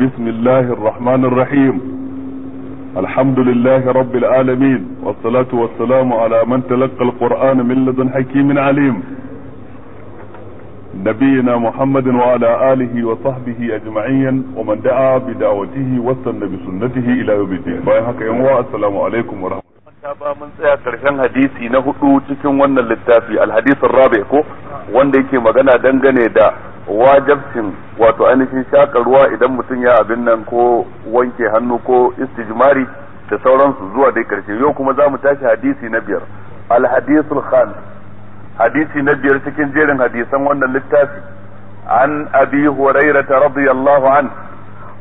بسم الله الرحمن الرحيم الحمد لله رب العالمين والصلاة والسلام على من تلقى القرآن من لدن حكيم عليم نبينا محمد وعلى آله وصحبه أجمعين ومن دعا بدعوته واستنى بسنته إلى يوم الدين السلام عليكم ورحمة الله ba mun tsaya karshen hadisi na hudu cikin wannan littafi alhadisin rabi ko wanda yake magana dangane da wajabcin wato ainihin shaƙa ruwa idan mutum ya abin nan ko wanke hannu ko istijmari da sauransu zuwa dai karshe yau kuma za mu tashi hadisi na biyar alhadisul khan hadisi na biyar cikin jerin hadisan wannan littafi an abi hurairata radiyallahu an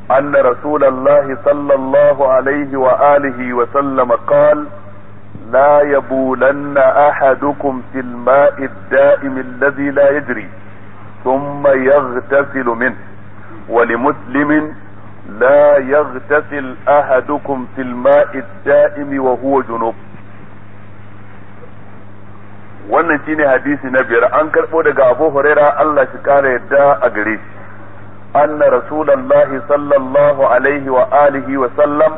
أن رسول الله صلى الله عليه وآله وسلم قال لا يبولن أحدكم في الماء الدائم الذي لا يجري ثم يغتسل منه ولمسلم لا يغتسل أحدكم في الماء الدائم وهو جنوب wannan shine hadisi na biyar an karbo daga Abu Huraira Allah shi kare yadda a gare shi anna rasulullahi sallallahu alaihi wa alihi wa sallam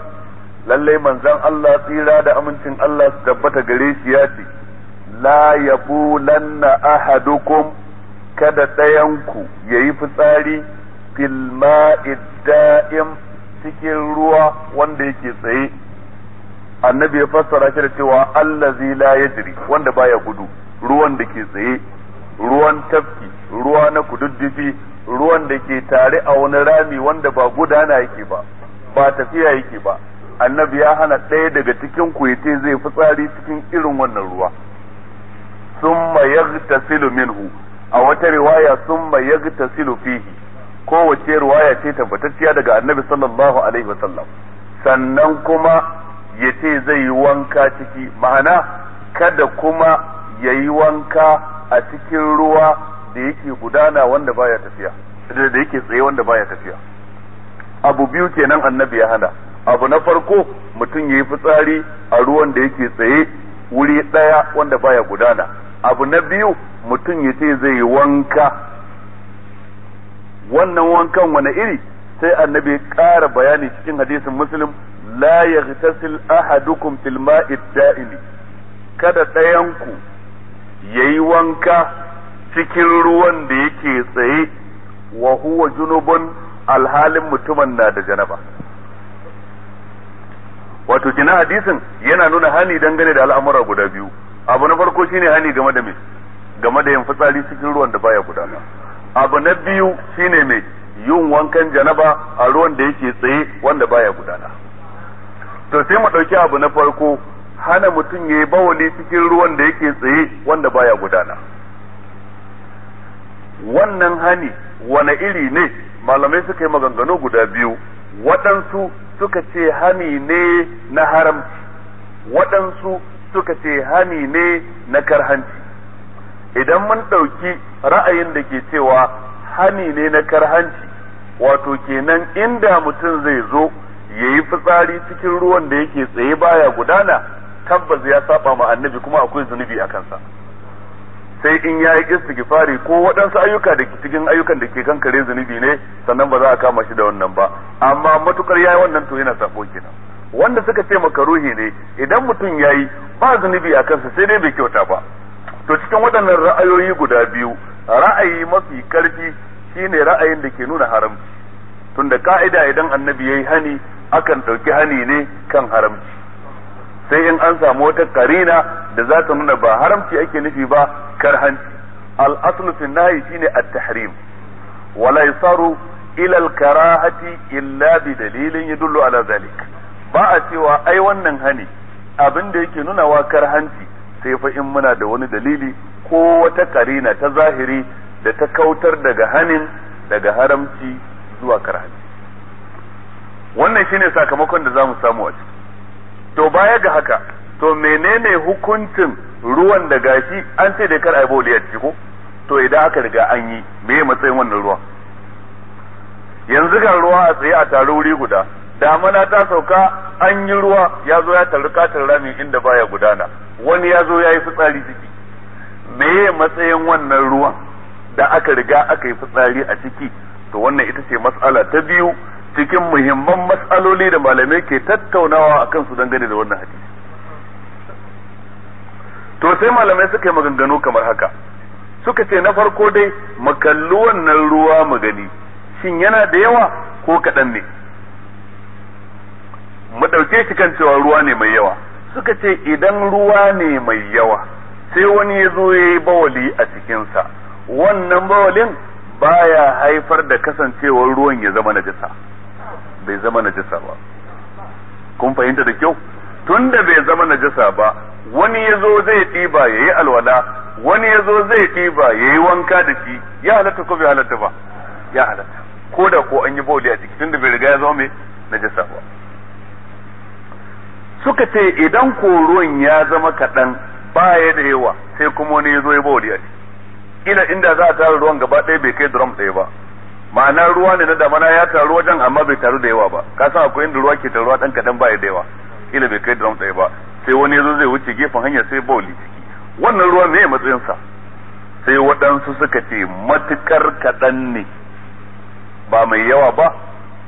lalle manzon Allah tsira da amincin Allah su tabbata gare shi ya ce la yabulanna ahadukum kada ɗayanku ya yi fitsari filma da'im cikin ruwa wanda yake tsaye annabi ya fassara shi da cewa allazi la jiri, wanda baya gudu ruwan da ke tsaye ruwan tafki ruwa na kududdufi ruwan da ke tare a wani rami wanda ba gudana yake ba ba tafiya yake ba annabi ya hana ɗaya daga cikin ku zai fitsari cikin irin wannan ruwa sun yaghtasilu minhu a wata riwaya sun ta silu fihi kowace riwaya ce tabbatacciya daga annabi sallallahu alaihi wasallam sannan kuma ya ce zai yi wanka ciki ma'ana kada kuma ya yi wanka a cikin ruwa da yake gudana wanda baya tafiya da yake tsaye wanda baya tafiya abu biyu kenan annabi ya hana abu na farko mutum ya yi fitsari a ruwan da yake tsaye wuri ɗaya wanda baya gudana abu na biyu mutum ya ce zai wanka wannan wankan wani iri sai annabi ya ƙara bayani cikin hadisin muslim la yaghtasil ahadukum fil ma'i da'imi kada ɗayanku ya yi wanka cikin ruwan da yake tsaye wa huwa junubun alhalin mutumin na da janaba wato kina hadisin yana nuna hani dangane da al'amura guda biyu abu na farko shine hani game da mai game da yin fitsari cikin ruwan da baya gudana abu na biyu shine mai yin wankan janaba a ruwan da yake tsaye wanda baya gudana to sai mu ɗauki abu na farko hana mutum ya yi bawali cikin ruwan da yake tsaye wanda baya gudana wannan hani wane iri ne malamai suka yi maganganu guda biyu waɗansu suka ce hani ne na haramci waɗansu suka ce hani ne na karhanci idan mun ɗauki ra'ayin da ke cewa hani ne na karhanci wato kenan inda mutum zai zo ya yi fitsari cikin ruwan da yake tsaye baya gudana tabbas ya saba ma annabi kuma akwai zunubi a kansa sai in ya yi istighfari ko waɗansu ayyuka da cikin ayyukan da ke kankare zunubi ne sannan ba za a kama shi da wannan ba amma matukar ya yi wannan to yana sabo kenan wanda suka ce makaruhi ne idan mutum ya yi ba zunubi a kansa sai dai bai kyauta ba to cikin waɗannan ra'ayoyi guda biyu ra'ayi mafi karfi shine ra'ayin da ke nuna haramci tunda ka'ida idan annabi yayi hani akan ɗauki hani ne kan haramci sai in an samu wata karina da za ta nuna ba haramci ake nufi ba karhanci al-aslu fi nahyi shine at-tahrim wala yasaru ila al-karahati illa bi dalilin yadullu ala zalik ba a cewa ai wannan hani abin da yake nuna wa karhanci sai fa in muna da wani dalili ko wata karina ta zahiri da ta kautar daga hanin daga haramci zuwa karhanci wannan shine sakamakon da zamu samu a ciki to baya ga haka to menene hukuncin ruwan da gashi an ce da kar a yi ciki to idan aka riga an yi me matsayin wannan ruwan yanzu ga ruwa a tsaye a tare guda damana ta sauka an yi ruwa ya zo ya tarri katin rami inda baya gudana wani ya zo ya yi fitsari ciki meye matsayin wannan ruwan da aka riga aka yi fitsari a ciki to wannan ita ce matsala ta biyu cikin muhimman matsaloli da malamai ke tattaunawa kan su dangane da wannan hadisi to sai malamai suka yi maganganu kamar haka suka ce na farko dai mu kalli wannan ruwa magani gani shin yana da yawa ko kaɗan ne ɗauke shi kan cewa ruwa ne mai yawa suka ce idan ruwa ne mai yawa sai wani ya zo ya yi bawali a cikinsa wannan bawalin baya haifar da kasancewar ruwan ya zama najasa bai zama najasa ba kun fahimta da kyau tun da bai zama najasa ba wani ya zo zai ɗiba ya yi alwala wani ya zo zai ɗiba ya yi wanka da shi ya halatta ko bai halatta ba ya halatta ko da ko an yi bawali a ciki tun da bai riga ya zama mai najasa ba suka ce idan ko ya zama kaɗan baya da yawa sai kuma wani ya zo ya bawa ciki ila inda za a tara ruwan gaba ɗaya bai kai drum ɗaya ba ma'ana ruwa ne na damana ya taru wajen amma bai taru da yawa ba ka san akwai inda ruwa ke taruwa ɗan kaɗan baya da yawa ila bai kai drum ɗaya ba sai wani ya zo zai wuce gefen hanya sai bawa ciki wannan ruwa ne matsayinsa sai waɗansu suka ce matukar kaɗan ne ba mai yawa ba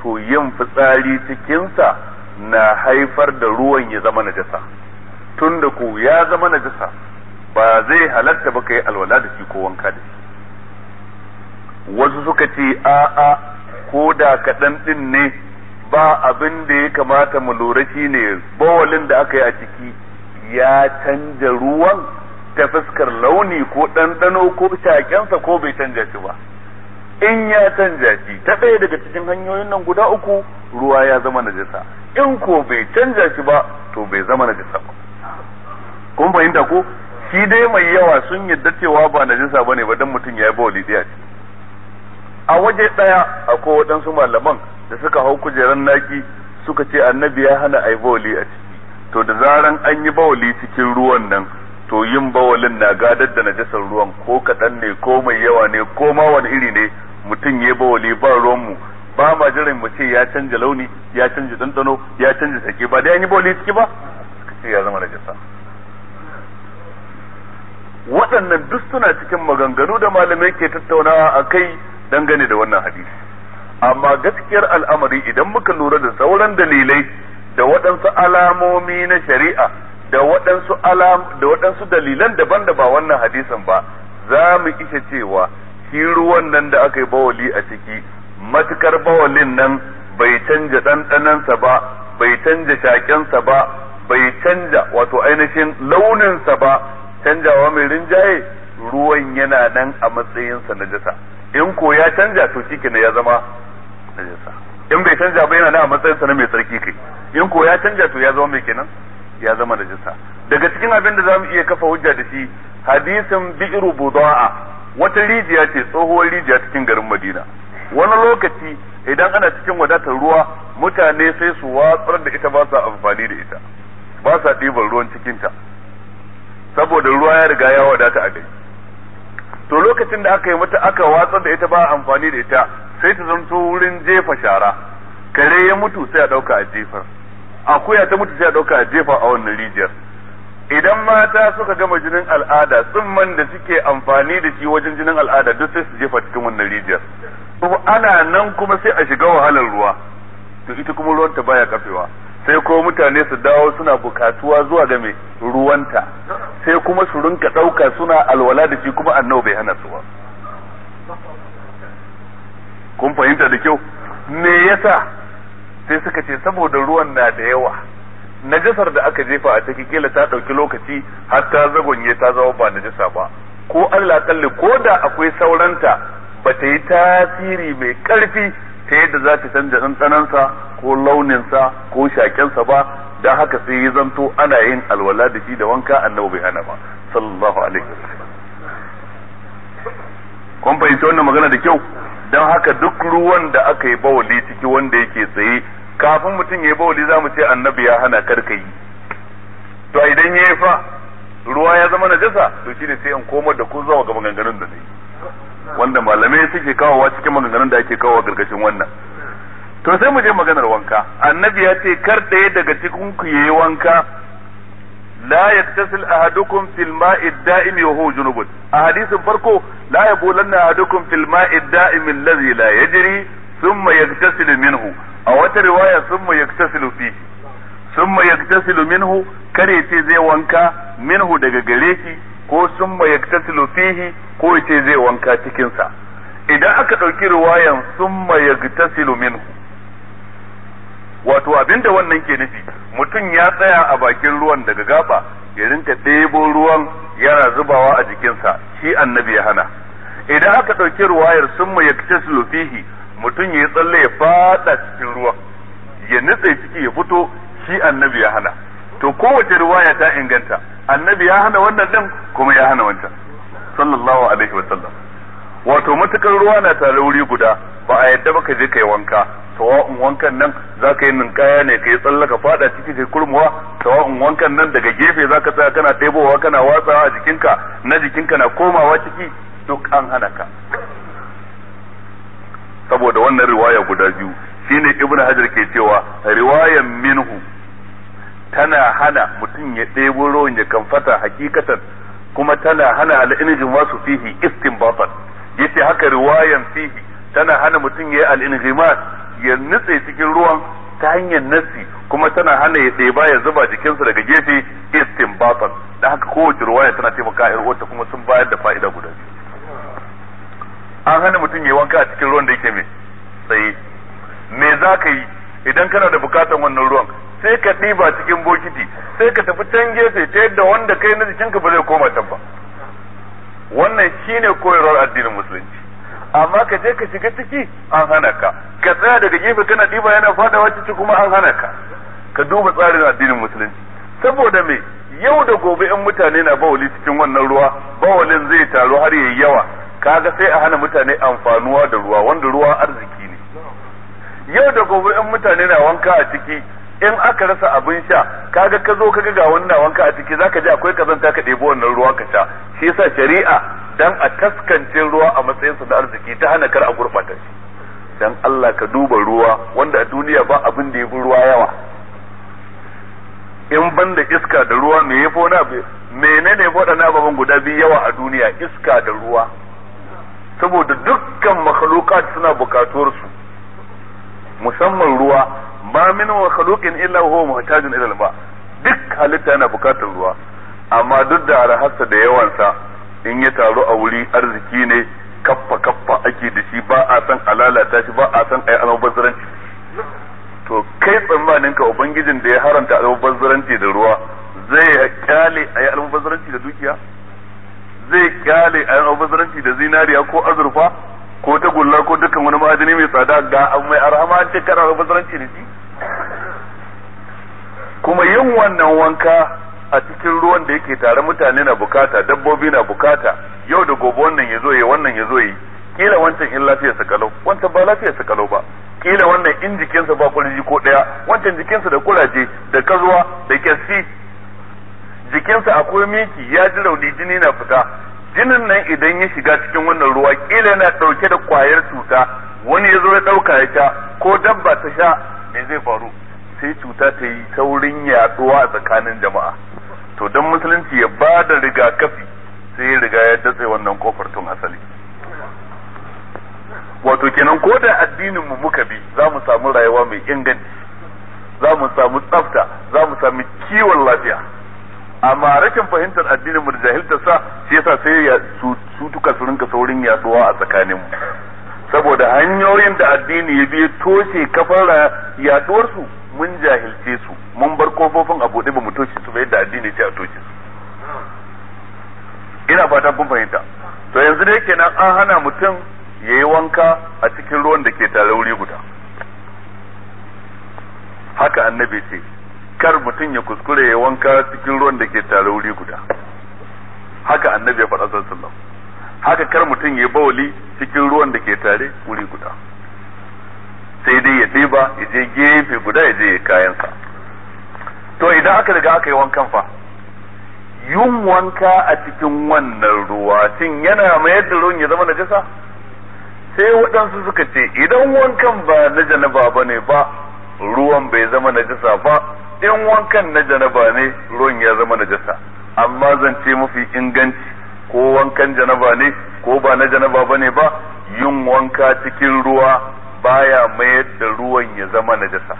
to yin fitsari cikinsa na haifar da ruwan ya zama najasa tun da ku ya zama najasa ba zai halatta ba ka yi alwala da shi ko wanka da shi wasu suka ce a'a ko da kaɗan ɗin ne ba abin da ya kamata mu lura shi ne bawalin da aka yi a ciki ya canja ruwan ta fuskar launi ko ɗanɗano ko shaƙensa ko bai canja shi ba in ya canja shi ta ɗaya daga cikin hanyoyin nan guda uku ruwa ya zama najasa in ko bai canza shi ba to bai zama na jisa ba kun fahimta ko shi dai mai yawa sun yadda cewa ba na jisa ba ne ba don mutum ya yi bawli daya ce a waje daya akwai waɗansu malaman da suka hau kujerar naki suka ce annabi ya hana ai bawali a ciki to da zaran an yi bawali cikin ruwan nan to yin bawalin na gadar da najasar ruwan ko kaɗan ne ko mai yawa ne ko ma wani iri ne mutum ya yi bawali ba ruwanmu ba ma jiran mu ce ya canja launi ya canja dandano ya canja sake ba dai an yi boli ciki ba suka ce ya zama najasa waɗannan duk suna cikin maganganu da malamai ke tattaunawa a kai dangane da wannan hadisi amma gaskiyar al'amari idan muka lura da sauran dalilai da waɗansu alamomi na shari'a da waɗansu alam da waɗansu dalilan daban da ba wannan hadisin ba za mu isa cewa shi ruwan nan da aka yi bawali a ciki matukar bawalin nan bai canja ɗanɗanansa ba bai canja shakensa ba bai canja wato ainihin launinsa ba canjawa mai rinjaye ruwan yana nan a matsayinsa na jasa in ko ya canja to shi ya zama na jasa in bai canja ba yana nan a matsayinsa na mai sarki kai in ko ya canja to ya zama mai kenan ya zama na jasa daga cikin abin da zamu iya kafa hujja da shi hadisin bi'ru buda'a wata rijiya ce tsohuwar rijiya cikin garin Madina wani lokaci idan ana cikin wadatar ruwa mutane sai su watsar da ita ba sa amfani da ita ba sa ɗiban ruwan cikinta saboda ruwa ya riga ya wadata a gari to lokacin da aka yi mata aka watsar da ita ba amfani da ita sai ta zanto wurin jefa shara kare ya mutu sai a ɗauka a jefar akuya ta mutu sai a ɗauka a jefa a wannan rijiyar idan mata suka gama jinin al'ada tsumman da suke amfani da shi wajen jinin al'ada duk sai su jefa cikin wannan rijiyar to ana nan kuma sai a shiga wahalar ruwa to ita kuma ruwanta baya kafewa sai ko mutane su dawo suna bukatuwa zuwa ga mai ruwanta sai kuma su rinka ɗauka suna alwala da shi kuma annabi bai hana su ba kun fahimta da kyau me yasa sai suka ce saboda ruwan na da yawa najasar da aka jefa a ciki kila ta ɗauki lokaci har ta zagonye ta zama ba najasa ba ko Allah kalle ko da akwai sauranta ba ta yi tasiri mai karfi ta yadda za ta canza ɗanɗanansa ko launinsa ko shaƙensa ba da haka sai ya zanto ana yin alwala da shi da wanka annabi bai hana ba sallallahu alaihi wasallam kun fahimci wannan magana da kyau don haka duk ruwan da aka yi bawali ciki wanda yake tsaye kafin mutum ya yi bawali za mu ce annabi ya hana karka yi to idan ya yi fa ruwa ya zama najasa to shine sai in komar da ku zuwa ga maganganun da zai wanda malamai suke kawowa cikin maganganun da ake kawowa gargashin wannan to sai mu je maganar wanka annabi ya ce kar ɗaya daga cikin ku yayi wanka la yaktasil ahadukum fil ma'i da'im wa huwa junubun a hadisin farko la yabulanna ahadukum fil ma'i da'im alladhi la yajri thumma yaktasil minhu a wata riwaya thumma yaktasilu fihi thumma yaktasilu minhu kare ce zai wanka minhu daga gare shi ko sun ma yaktasilu fihi ko yace zai wanka cikin sa idan aka ɗauki riwayan sun ma yaktasilu minhu wato abinda wannan ke nufi mutum ya tsaya a bakin ruwan daga gaba ya rinka ɗebo ruwan yana zubawa a jikinsa shi annabi ya hana idan aka ɗauki ruwayar sun ma yaktasilu fihi mutum ya tsalle ya fada cikin ruwan ya nutse ciki ya fito shi annabi ya hana to kowace riwaya ta inganta annabi ya hana wannan din kuma ya hana wancan sallallahu alaihi wa sallam wato matukar ruwa na tare wuri guda ba a yadda baka je kai wanka Tawa'un wankan nan zaka yi ninkaya ne kai tsallaka fada ciki kai kurmuwa tawa'un wankan nan daga gefe zaka tsaya kana ɗebowa kana watsawa a jikinka na jikinka na komawa ciki duk an hana ka saboda wannan riwaya guda biyu shine ibn hajar ke cewa riwayan minhu tana hana mutum ya ɗebo ruwan ya kamfata hakikatan kuma tana hana al'inijin wasu fihi istinbatan yace haka riwayan fihi tana hana mutum ya yi al'injimat ya nutse cikin ruwan ta hanyar nasi kuma tana hana ya ɗeba ya zuba jikinsa daga gefe istinbatan da haka kowace ruwaya tana taimaka a wata kuma sun bayar da fa'ida guda an hana mutum ya yi wanka a cikin ruwan da yake mai tsaye me za ka yi idan kana da bukatan wannan ruwan sai ka ɗiba cikin bokiti sai ka tafi can gefe ta yadda wanda kai na jikinka ba zai koma can ba wannan shine koyarwar addinin musulunci amma ka je ka shiga ciki an hana ka ka tsaya daga gefe kana ɗiba yana fadawa ciki kuma an hana ka ka duba tsarin addinin musulunci saboda me yau da gobe in mutane na bawali cikin wannan ruwa bawalin zai taru har yayi yawa kaga sai a hana mutane amfanuwa da ruwa wanda ruwa arziki ne yau da gobe in mutane na wanka a ciki in aka rasa abin sha kaga ka zo kaga ga wannan wanka a ciki zaka ji akwai kazanta ka ɗebi wannan ruwa ka sha shi yasa shari'a dan a taskance ruwa a matsayin sa da arziki ta hana kar a gurbata shi dan Allah ka duba ruwa wanda a duniya ba abin da yafi ruwa yawa in banda iska da ruwa me yafi wani abu menene waɗannan ababen guda biyu yawa a duniya iska da ruwa saboda dukkan makhlukat suna bukatuwar su musamman ruwa ma min wa khaluqin illa huwa muhtajun ila al-ma duk halitta yana bukatar ruwa amma duk da arhassa da yawansa in ya taru a wuri arziki ne kaffa kaffa ake da shi ba a san alalata shi ba a san ayi almubazzaranci to kai tsammanin ka ubangijin da ya haranta almubazzaranci da ruwa zai ya kyale ayi almubazzaranci da dukiya zai kyale ayi almubazzaranci da zinariya ko azurfa ko ta gulla ko dukkan wani ma'adani mai tsada ga mai arhama ce kana da fasaranci ne kuma yin wannan wanka a cikin ruwan da yake tare mutane na bukata dabbobi na bukata yau da gobe wannan ya yi wannan ya yi kila wancan in lafiya sa kalau wancan ba lafiya sa kalau ba kila wannan in jikinsa ba kurji ko daya wancan jikinsa da kuraje da kazuwa da kyassi jikinsa akwai miki ya ji rauni jini na fita jinin nan idan ya shiga cikin wannan ruwa kila yana dauke da kwayar cuta wani ya zo ya dauka ya sha ko dabba ta sha me zai faru sai cuta ta yi saurin yaduwa a tsakanin jama'a to dan musulunci ya ba da rigakafi sai ya riga ya datse wannan kofar tun asali wato kenan ko da addinin mu muka bi za mu samu rayuwa mai inganci za mu samu tsafta za mu samu kiwon lafiya amma rashin fahimtar addinin mu da jahilta sa shi yasa sai ya cutuka su rinka saurin yaduwa a tsakanin mu saboda hanyoyin da addini ya biye toshe kafar yaduwar su mun jahilce su mun bar kofofin abu da ba mu toshe su bai yadda addini ce a toshe su ina fata kun fahimta to yanzu dai kenan an hana mutum yayi wanka a cikin ruwan da ke tare wuri guda haka annabi ce kar mutum ya kuskure ya wanka cikin ruwan da ke tare wuri guda haka annabi ya faɗa sallallahu haka kar mutum ya bawali cikin ruwan da ke tare wuri guda sai dai ya ɗiba ya je gefe guda ya je kayansa to idan aka riga aka yi wankan fa yin wanka a cikin wannan ruwa cin yana mayar da ruwan ya zama najasa sai waɗansu suka ce idan wankan ba na janaba ba ne ba ruwan bai zama najasa ba in wankan na janaba ne ruwan ya zama najasa amma zance mafi inganci ko wankan janaba ne ko ba na janaba ba ne ba yin wanka cikin ruwa baya mayar da ruwan ya zama najasa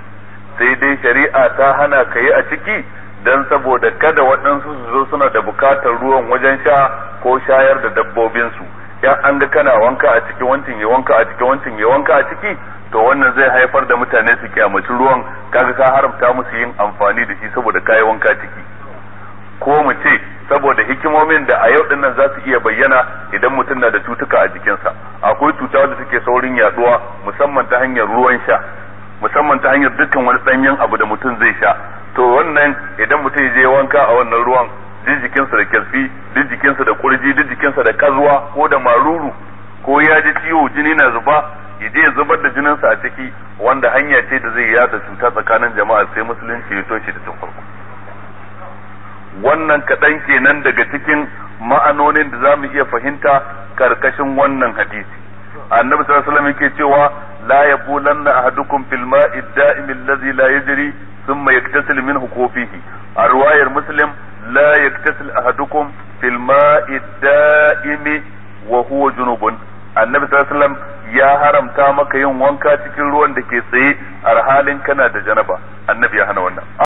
sai dai shari'a ta hana ka yi a ciki don saboda kada waɗansu su zo suna da bukatar ruwan wajen sha ko shayar da dabbobinsu yan an ga kana wanka a ciki wancan ya wanka a ciki wancan ya wanka a ciki to wannan zai haifar da mutane su kyamaci ruwan kaga ka haramta musu yin amfani da shi saboda kayi wanka ciki ko mu ce saboda hikimomin da a yau din nan za su iya bayyana idan mutum na da cutuka a jikinsa akwai cuta da take saurin yaduwa musamman ta hanyar ruwan sha musamman ta hanyar dukkan wani danyen abu da mutum zai sha to wannan idan mutum je wanka a wannan ruwan duk jikinsa da kirfi duk jikinsa da kurji duk jikinsa da kazuwa ko da maruru ko ya ji ciwo jini na zuba ya je zubar da jininsa a ciki wanda hanya ce da zai yada cuta tsakanin jama'a sai musulunci ya toshe da tun farko wannan kaɗan kenan daga cikin ma'anonin da za mu iya fahimta karkashin wannan hadisi annabi sallallahu alaihi yake cewa la yaqulanna ahadukum fil ma'i da'im allazi la yajri thumma yaktasil minhu kufihi a riwayar muslim la yaktasil ahadukum fil ma'i da'im wa huwa junubun annabi sallallahu alaihi ya haramta maka yin wanka cikin ruwan da ke tsaye a halin kana da janaba annabi ya hana wannan